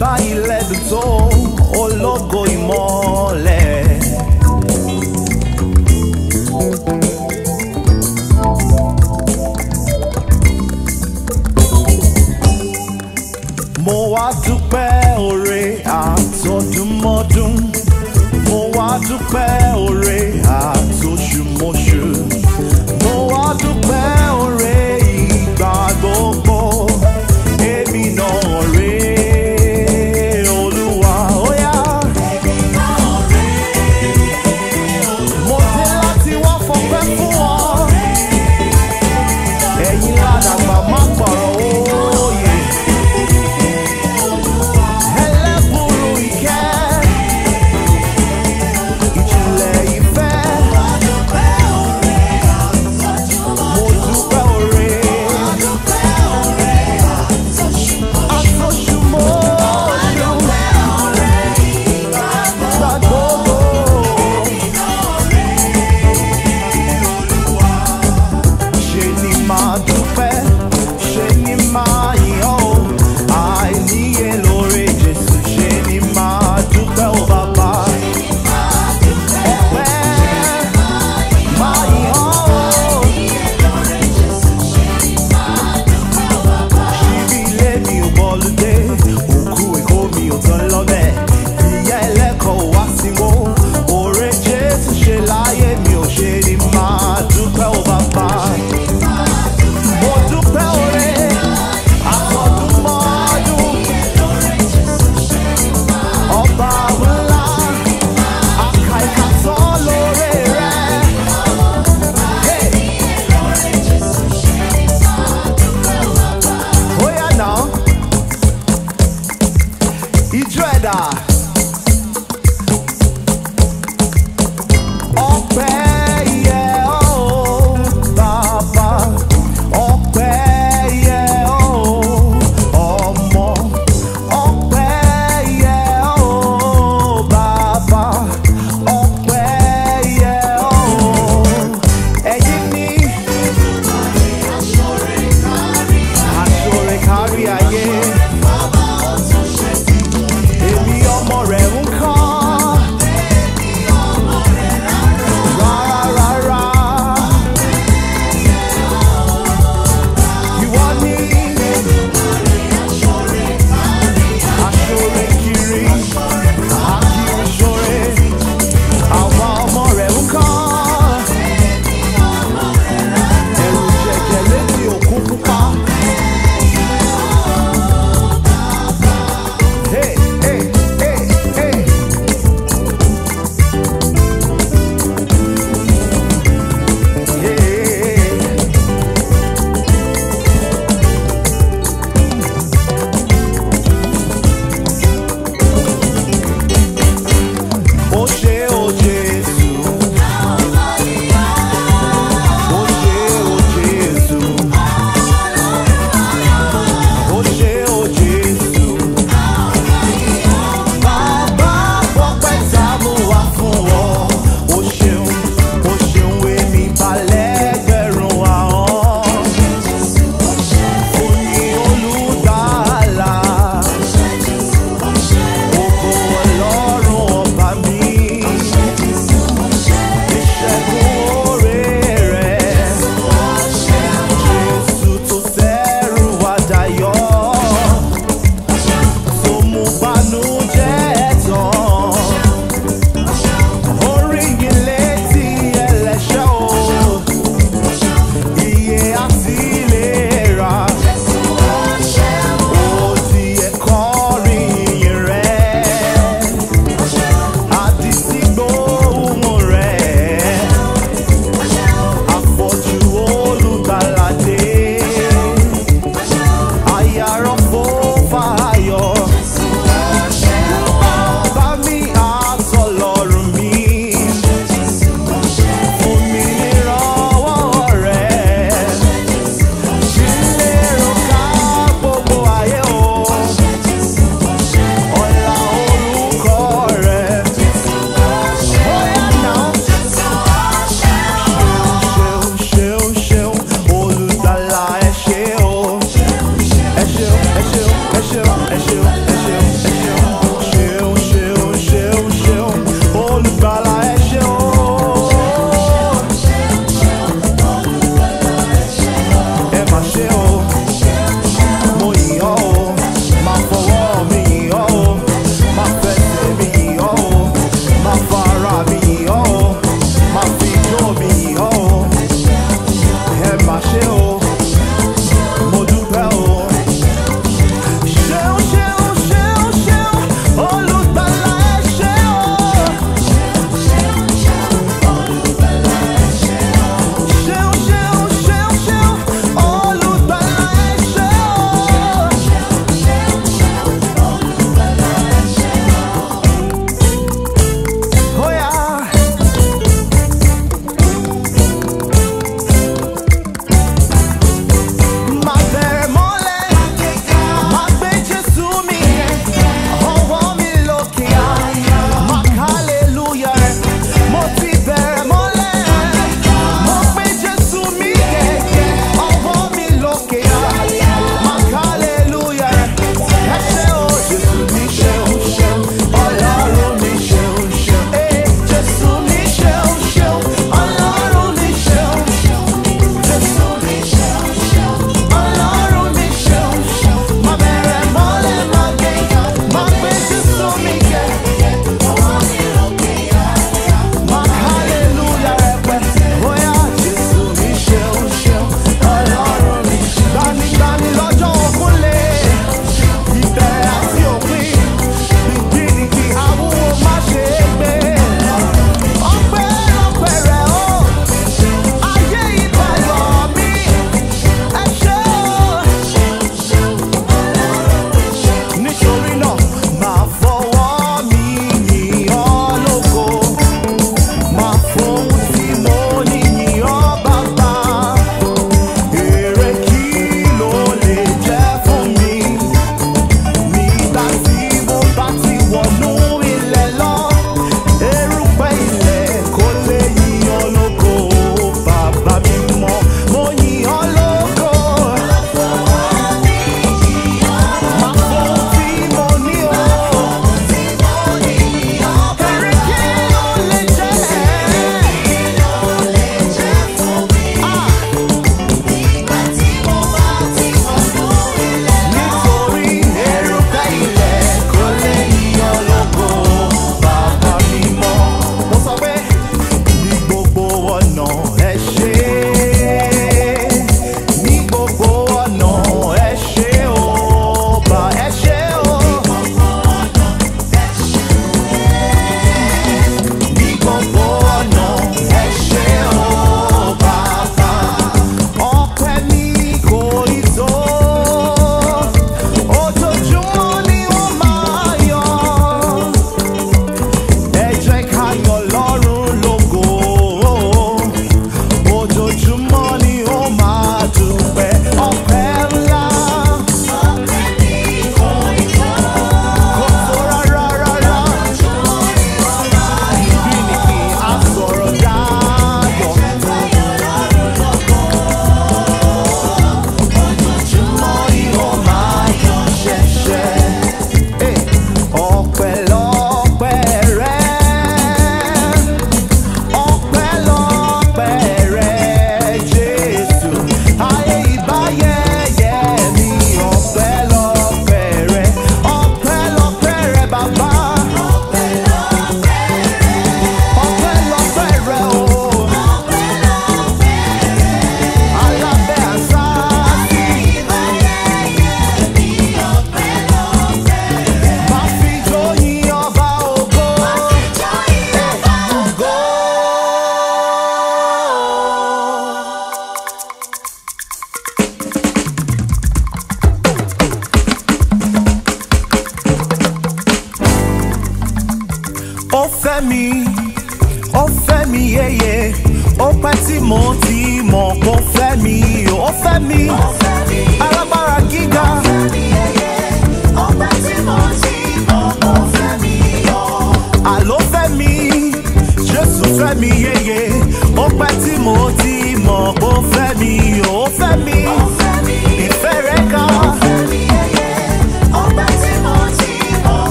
báyìí lẹ́dùn tó ológo ìmọ̀lẹ̀. mo wá dúpẹ́ oore àtọdúnmọ́dún mo wá dúpẹ́ oore àtọdúnmọ́dún.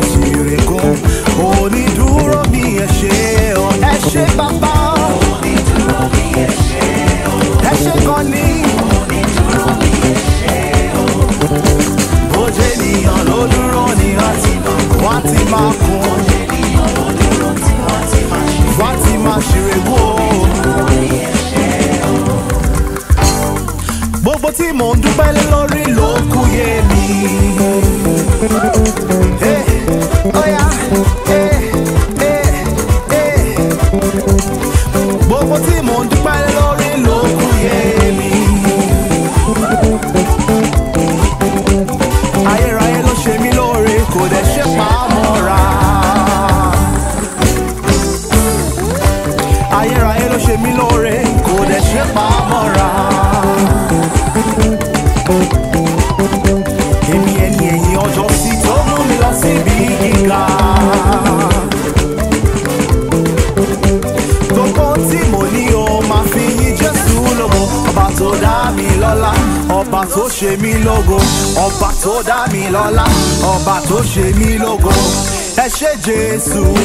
assuré qu'on Jesus.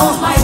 oh my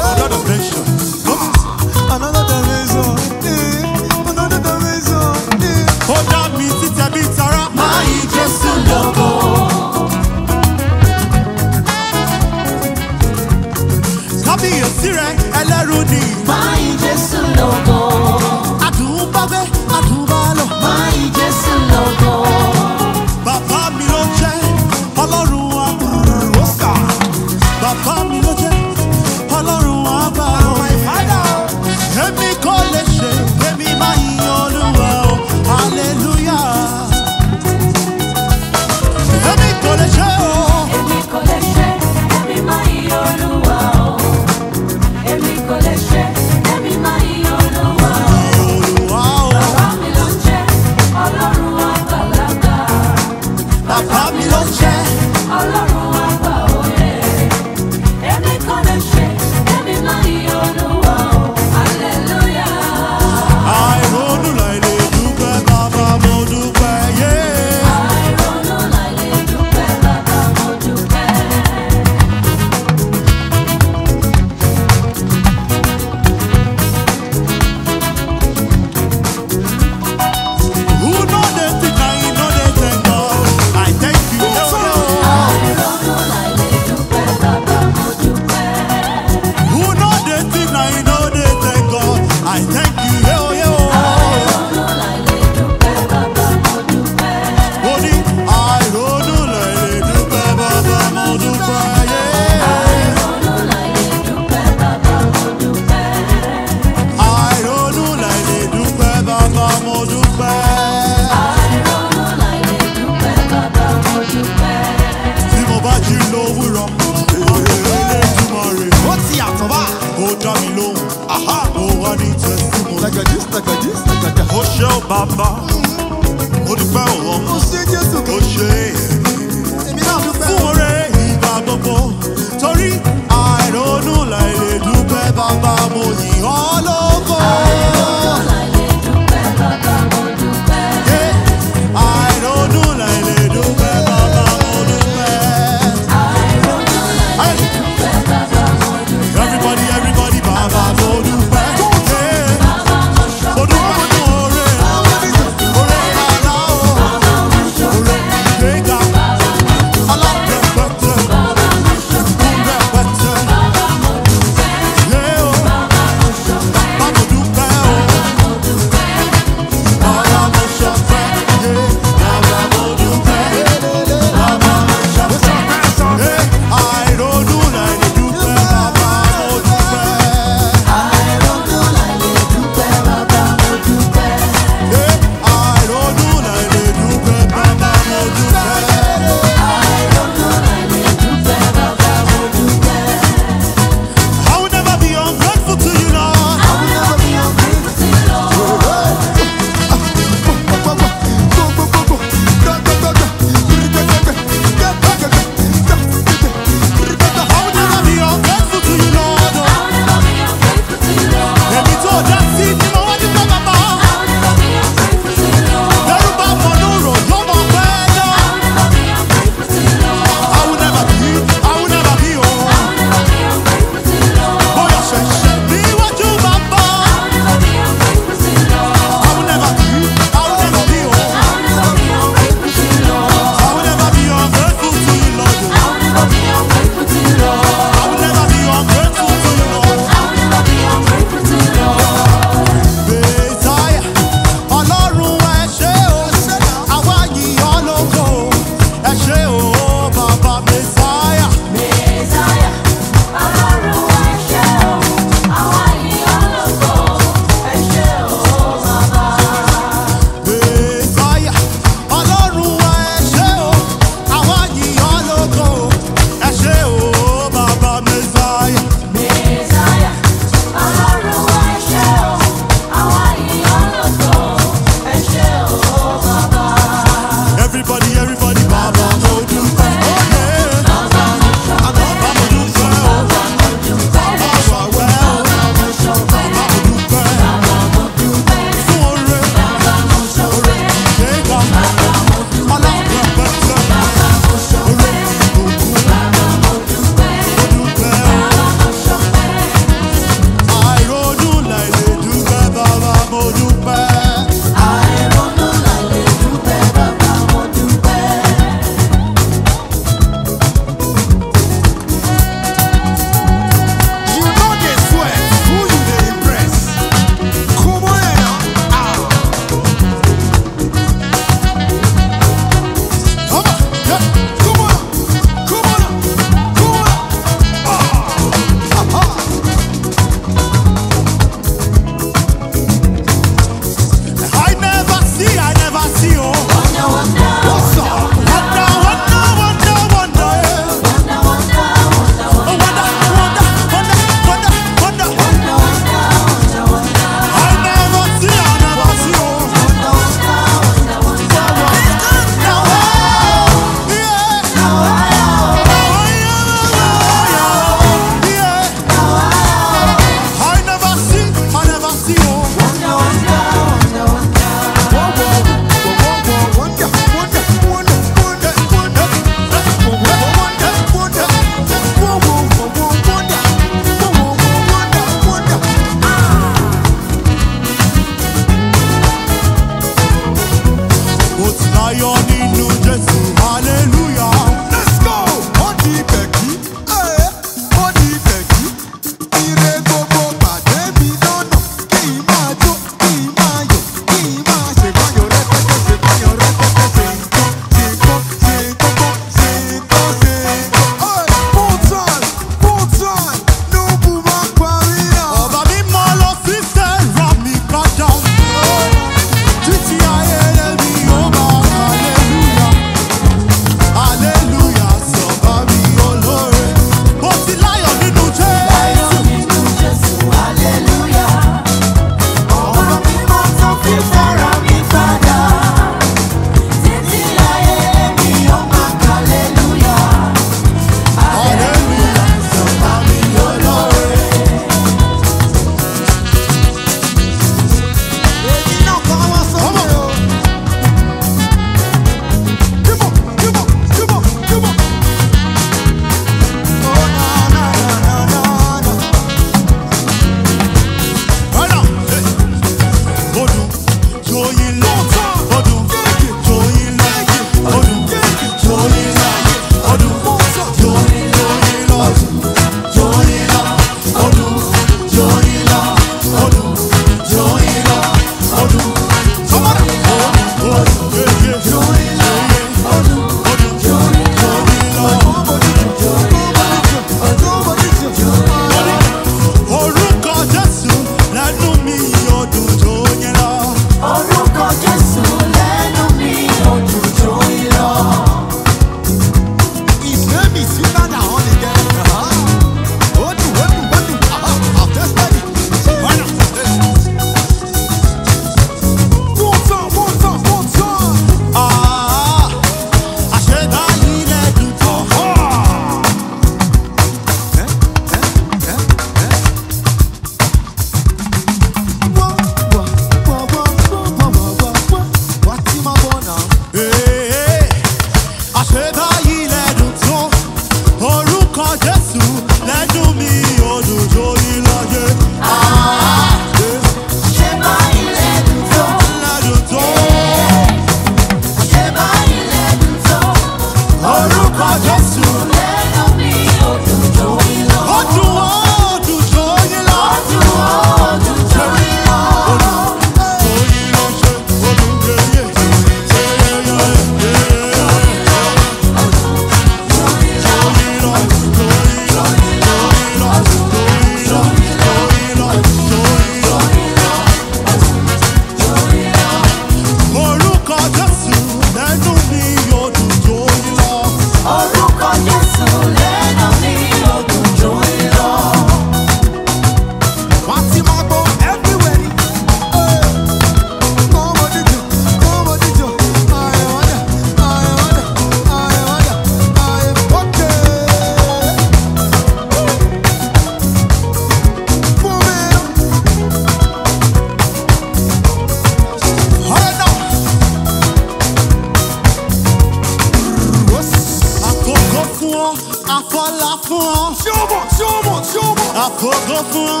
fún ọ àfọlá fún ọ. tí ó mọ̀ tí ó mọ̀ tí ó mọ̀. àfògo fún ọ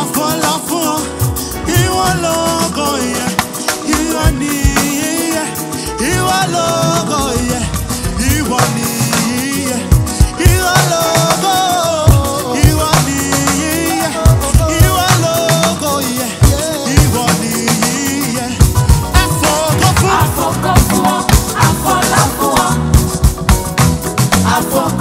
àfọlá fún ọ ìwọ lógo ìyẹ ìwọ ni ìyẹ ìwọ lógo ìyẹ ìwọ ni ìyẹ ìwọ lógo. for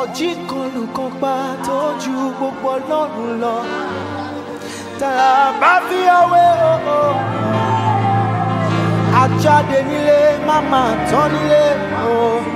ọjí kan nìkan pa tó ju gbogbo ọlọ́run lọ tá a bá fi ọwé o àjáde nílé má máa tán nílé o. Oh.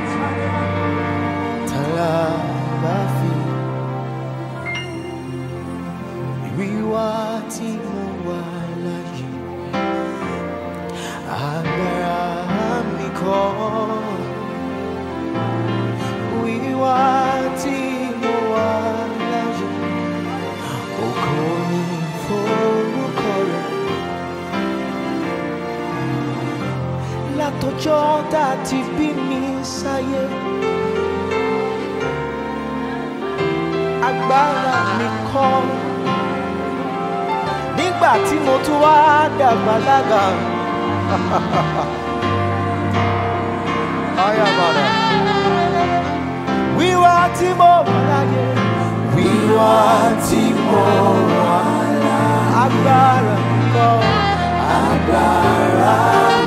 ọjọ́ tá a ti bí mi Agbara agbára mi kọ́ nígbà tí mo tún wá dàgbà lága. wíwá tí mo wà láyé. wíwá tí mo wà láyé. agbára mi kọ́. agbára mi kọ́.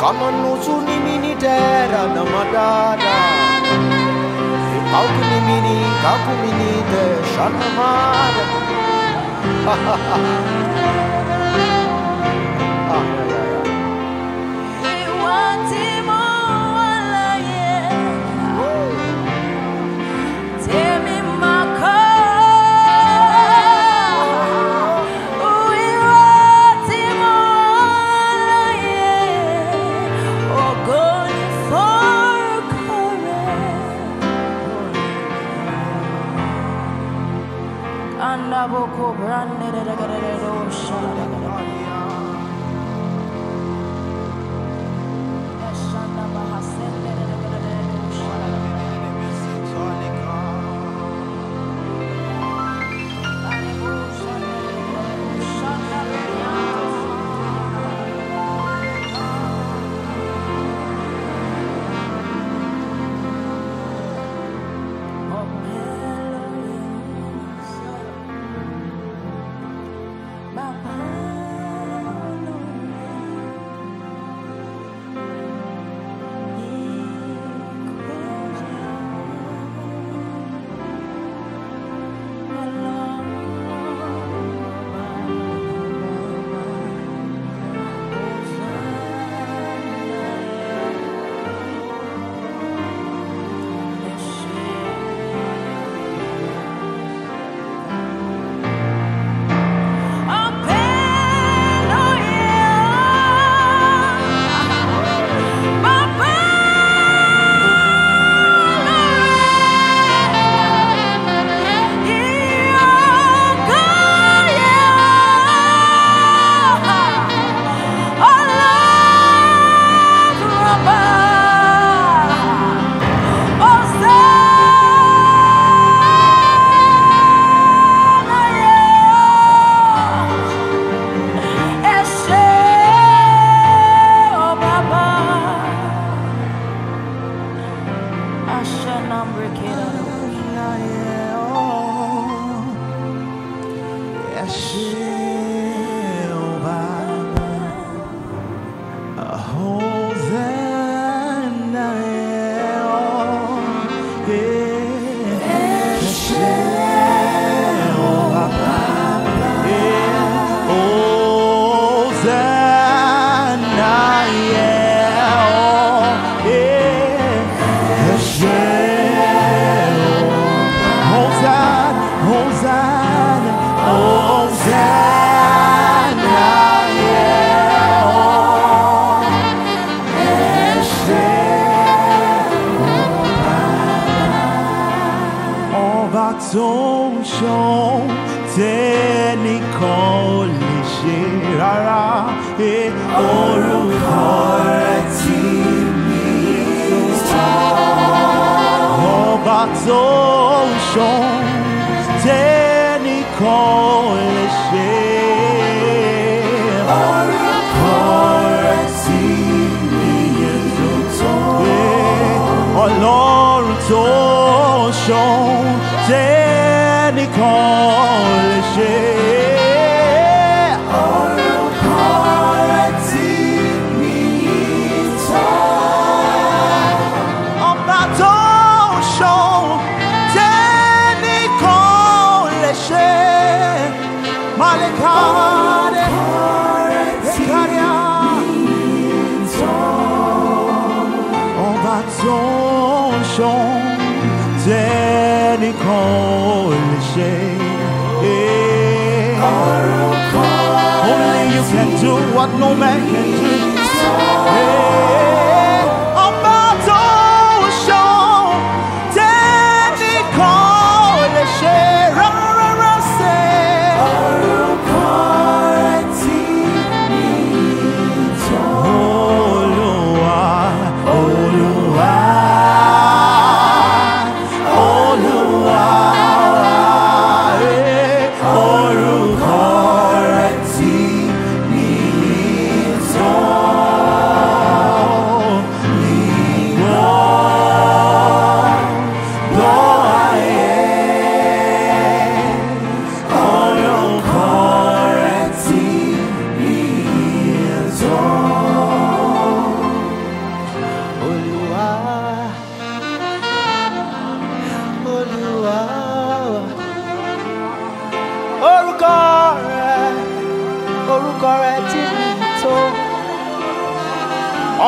Kama nusu ni mini tera na madada Kauku ni mini, kaku mini te shanamara Ha ha ha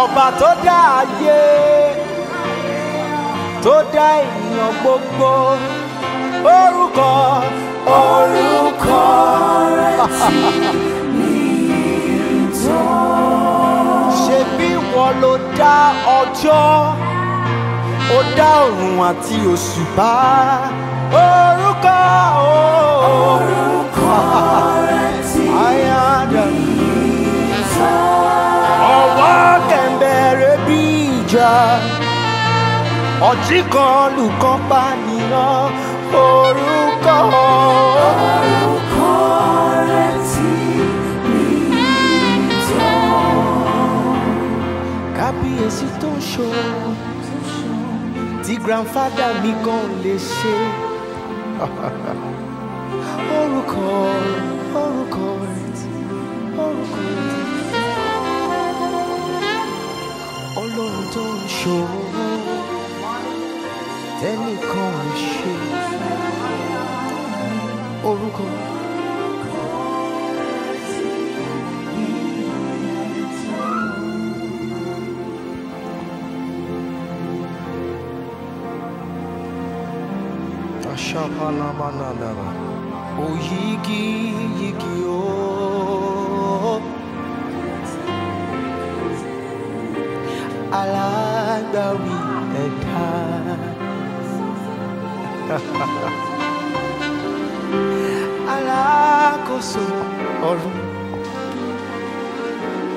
ọba tó dá ayé tó dá ènìyàn gbogbo orúkọ orúkọ rẹ ti ní tó. ṣebí wọn ló dá ọjọ́ ó dá òrùn àti òṣùpá orúkọ orúkọ rẹ ti ní tó. ọwọ́ kẹ bẹ̀rẹ̀ bí ìjà ọtí kan lùkàn pànìyàn orúkọ. orúkọ rẹ ti mi tán. kábíyèsí tó ń ṣọ́ tí grandfather mi gan lè ṣe. orúkọ orúkọ rẹ ti orúkọ rẹ ti. konuşur Deli konuşur Olgun Şapana bana da var O yigi yigi o Ala that we had. alákòóso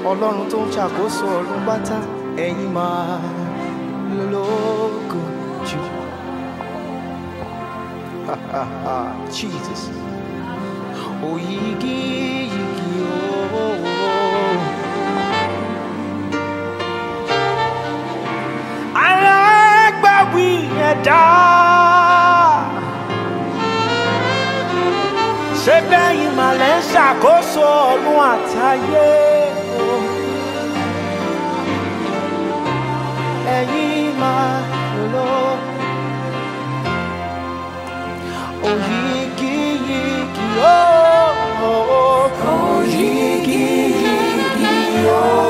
ọlọ́run tó ń ṣàkóso ọ̀run ẹ̀yin máa lọ́lọ́gùn jù. Jesus oyigi yigi ooo. ẹlẹ́dàá. ṣé bẹ́yìn mà lẹ́ ṣàkóso ọ̀run àtayé o. ẹ̀yin máa lò òyìnkì yìnkì ó. ó.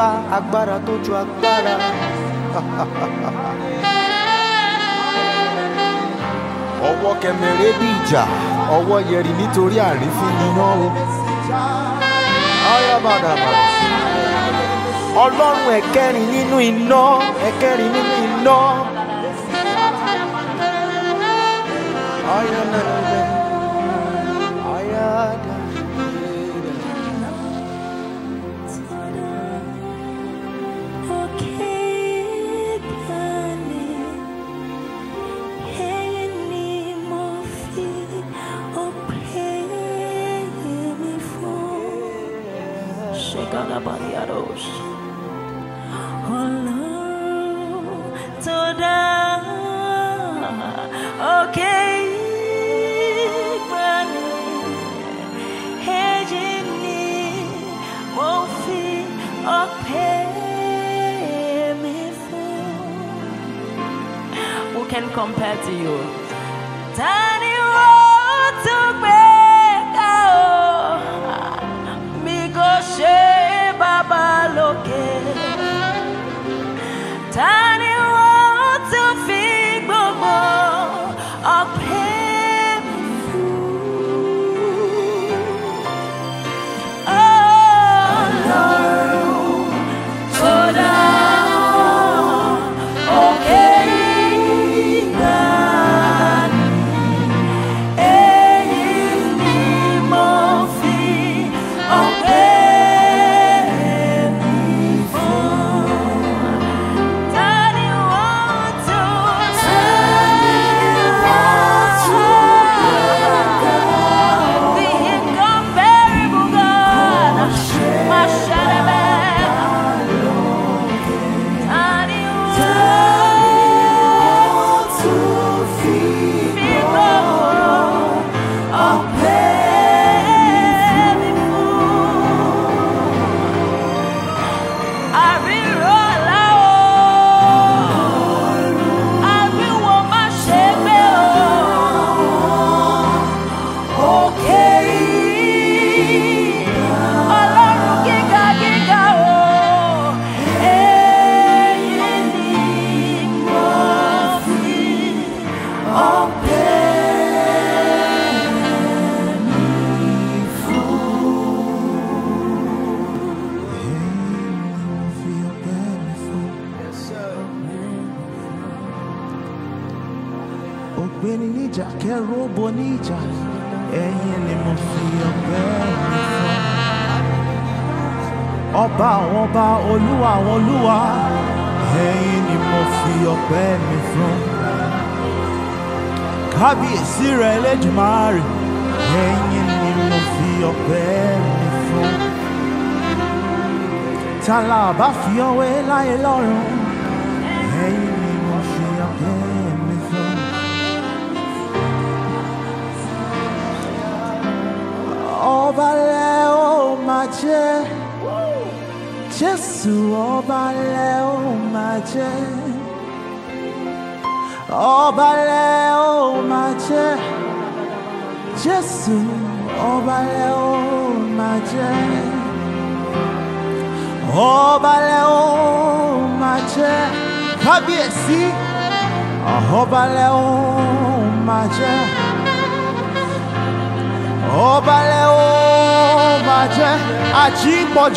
pa agbára tó ju agbára. ọwọ́ kẹmẹ̀rẹ́ bí ìjà ọwọ́ yẹri nítorí àrífín níná o. ọlọ́run ẹ̀kẹrin nínú iná ẹ̀kẹrin nínú iná. ayọ̀ náà lọ́wọ́.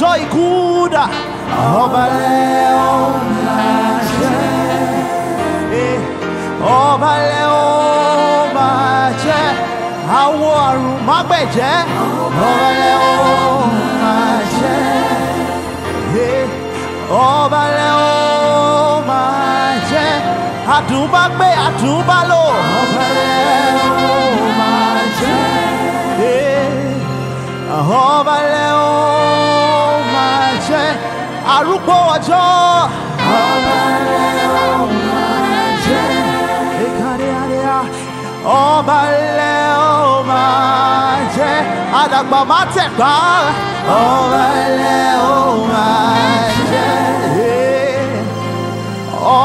joy good over ọba lẹ ọba jẹ awọ àrùn mágbẹjẹ ọba lẹ ọba jẹ ọba lẹ ọba jẹ àdùnbágbé àdùnbálò ọba oh ọba jẹ oh lẹ ọba arúgbó ọjọ́. ọba rẹ̀ ó máa jẹ́. ìkàdé adéa ọba rẹ̀ ó máa jẹ́. àdàgbà má tẹ̀gbá. ọba rẹ̀ ó máa jẹ́.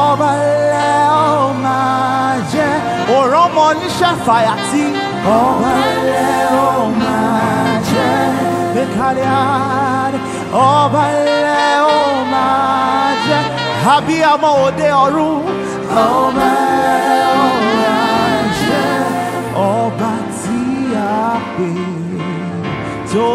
ọba rẹ̀ ó máa jẹ́. òrán mọ oníṣẹ́ fàyà tí. ọba rẹ̀ ó máa jẹ́. ìkàdé adéa ọba rẹ̀ abiyamọ òde ọ̀run. ọba ọba ọba tí a tó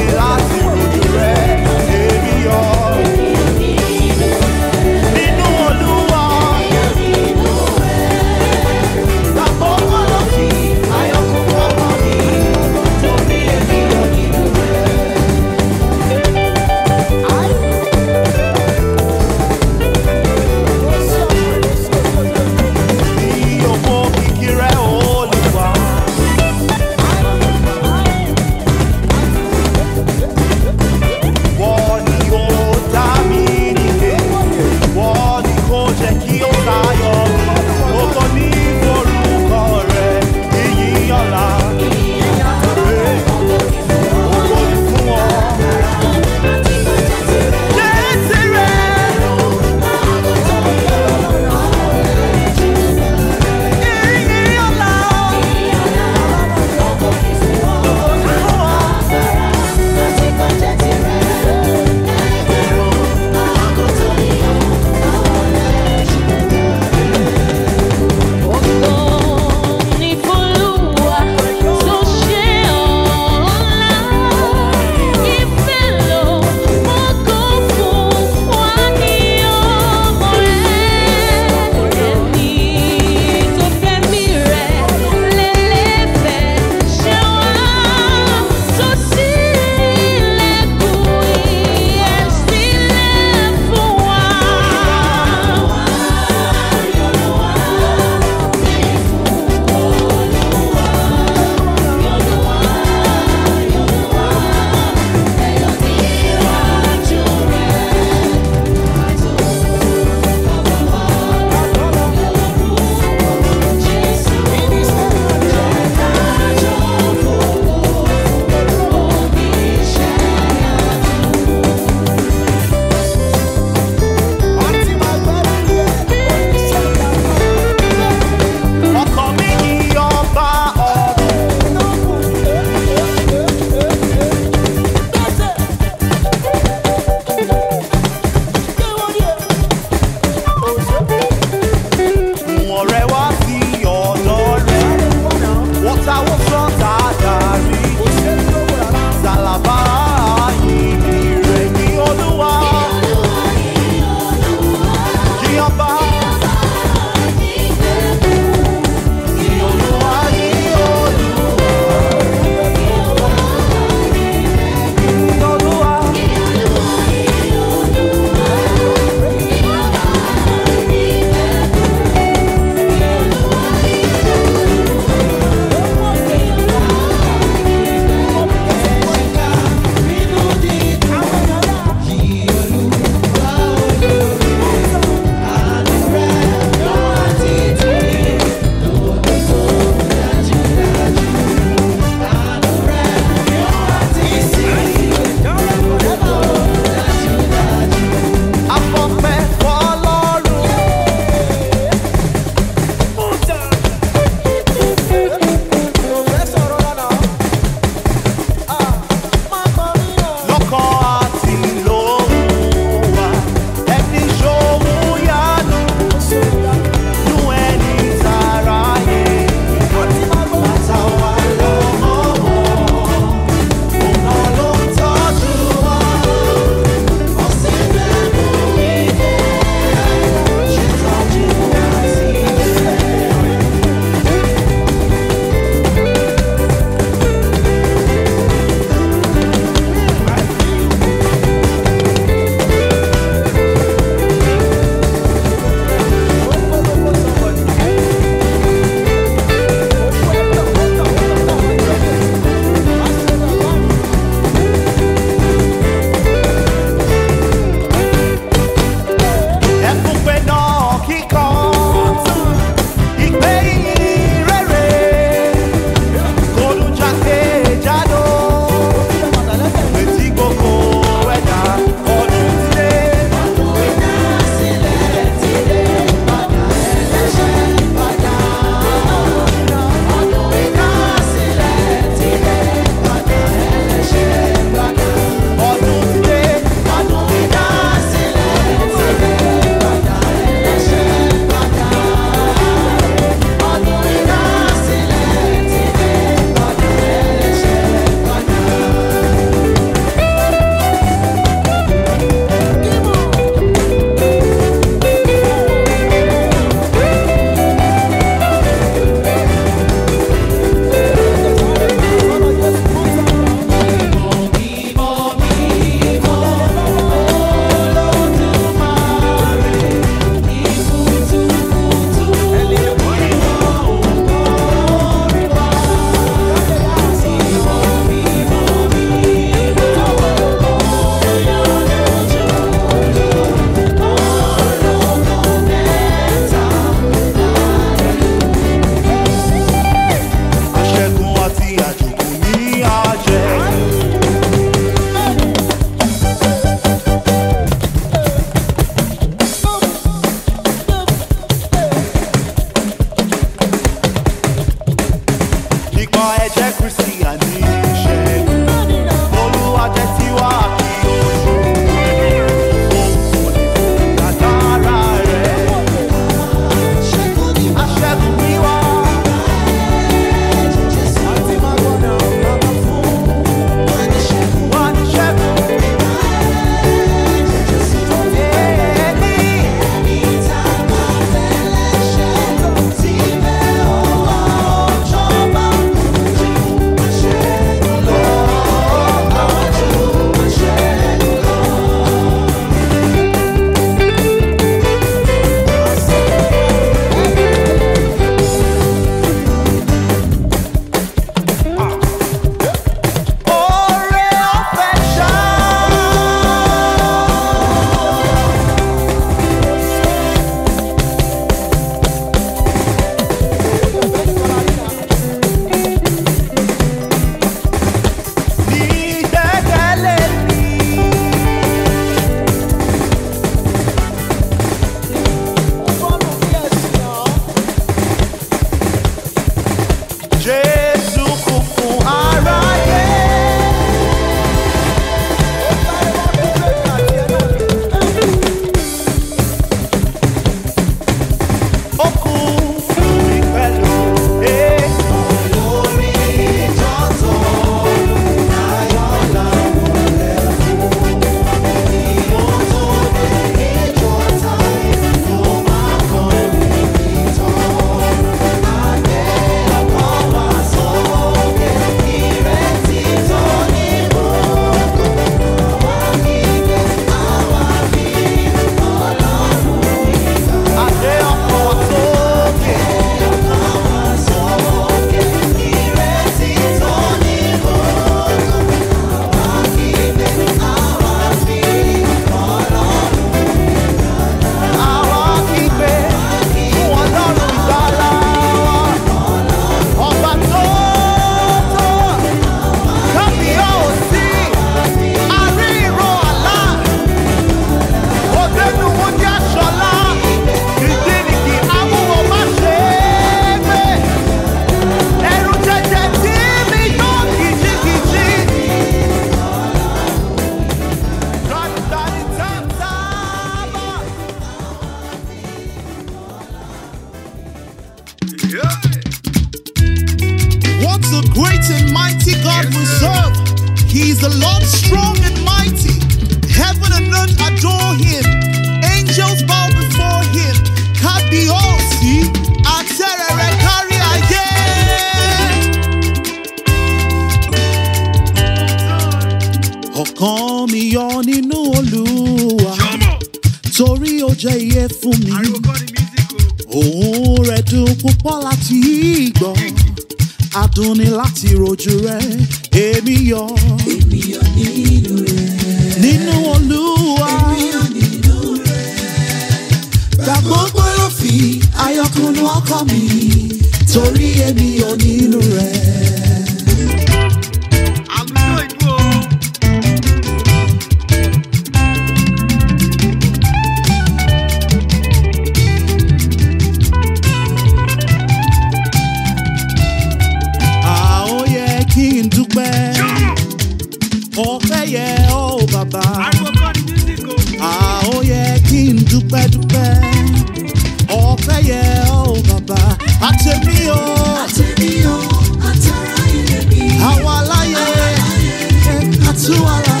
you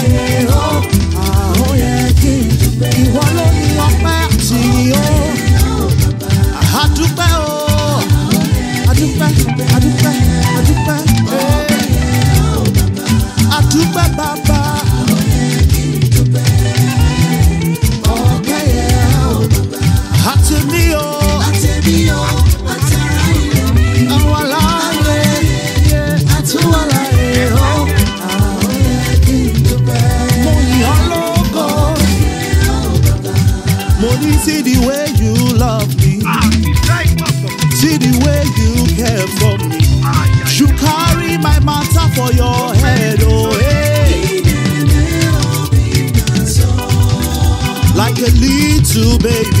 too, baby.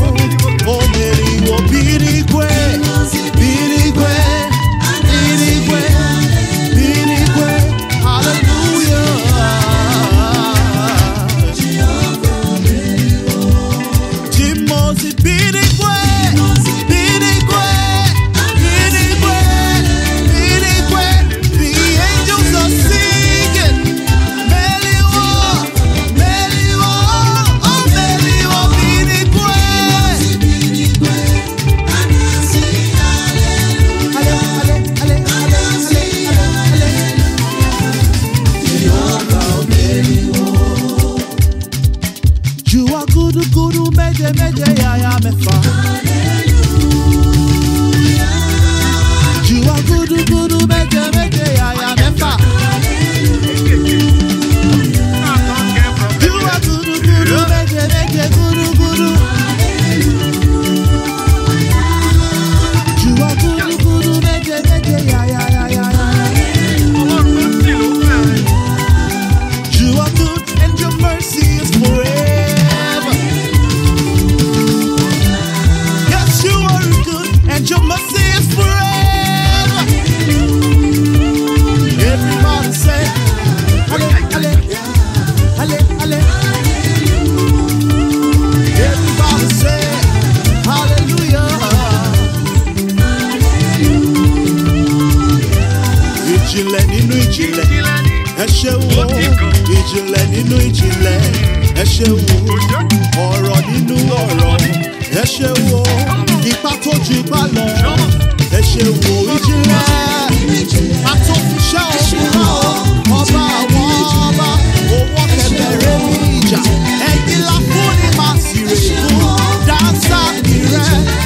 ìjìnlẹ̀ nínú ìjìnlẹ̀ ẹ ṣe wo ọ̀rọ̀ nínú ọ̀rọ̀ ẹ ṣe wo ipa tó ju ipá lọ ẹ ṣe wo ìjìnlẹ̀ atófiṣẹ́ òkúra ọba àwọn ọba owó kẹbẹrẹ ní ìjà ẹ̀yìn la fún ni fún dáńsá ìrẹ́.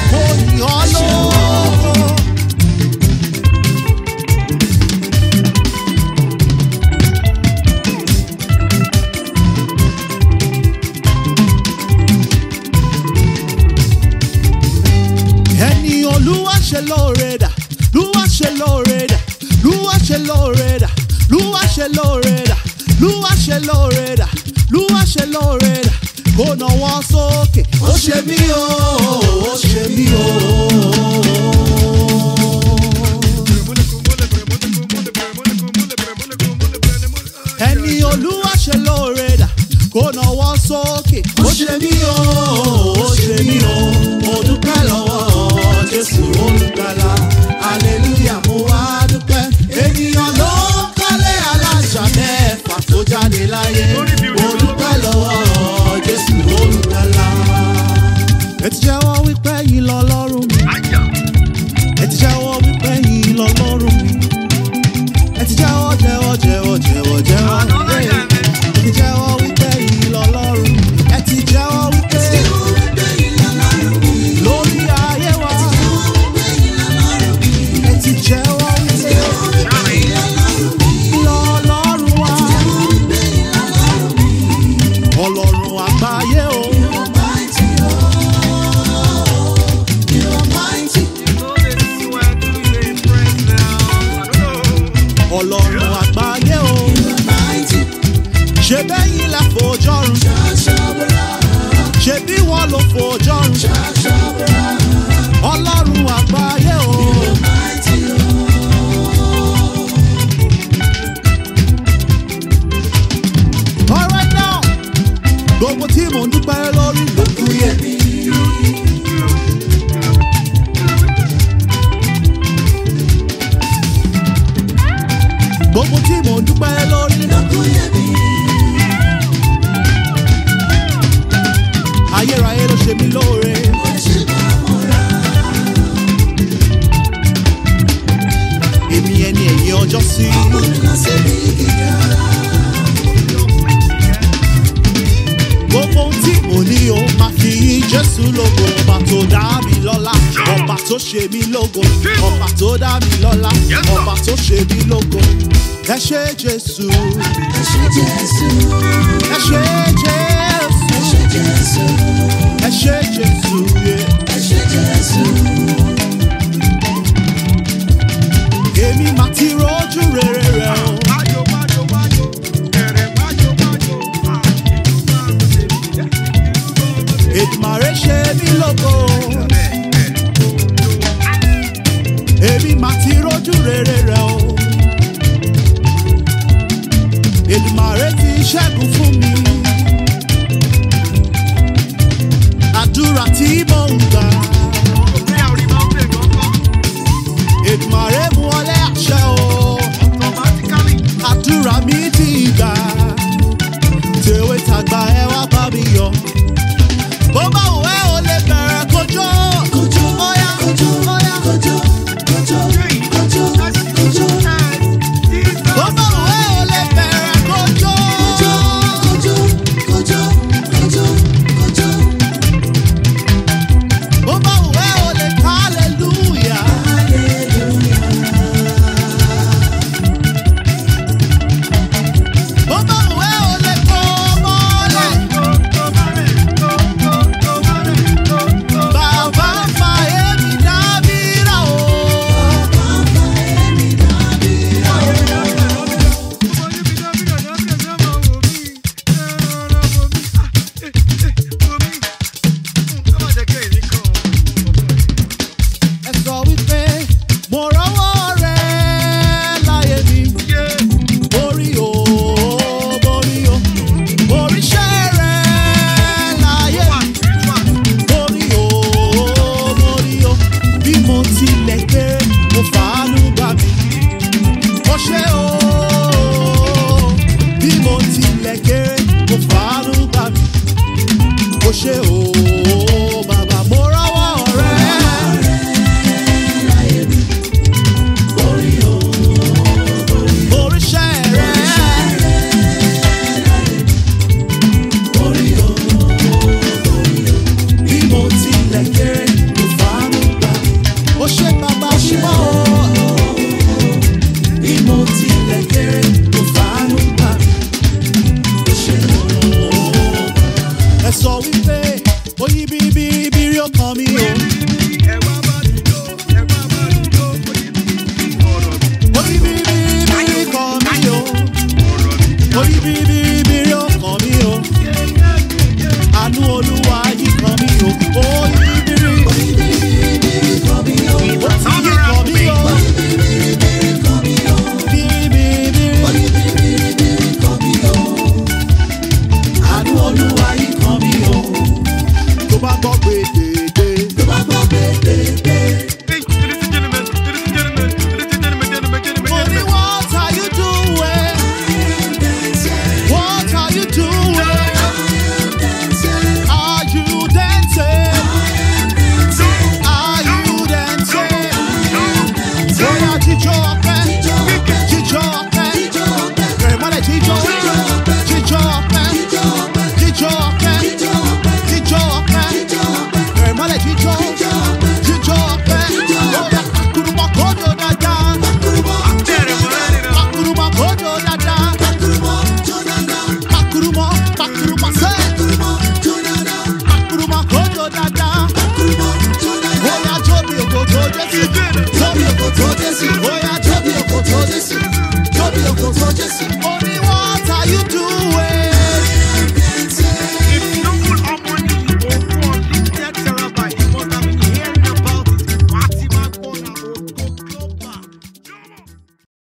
lóore dà lúwa ṣe lóore dà kó nà wọ́n sókè ó ṣe mí o ó ṣe mí o.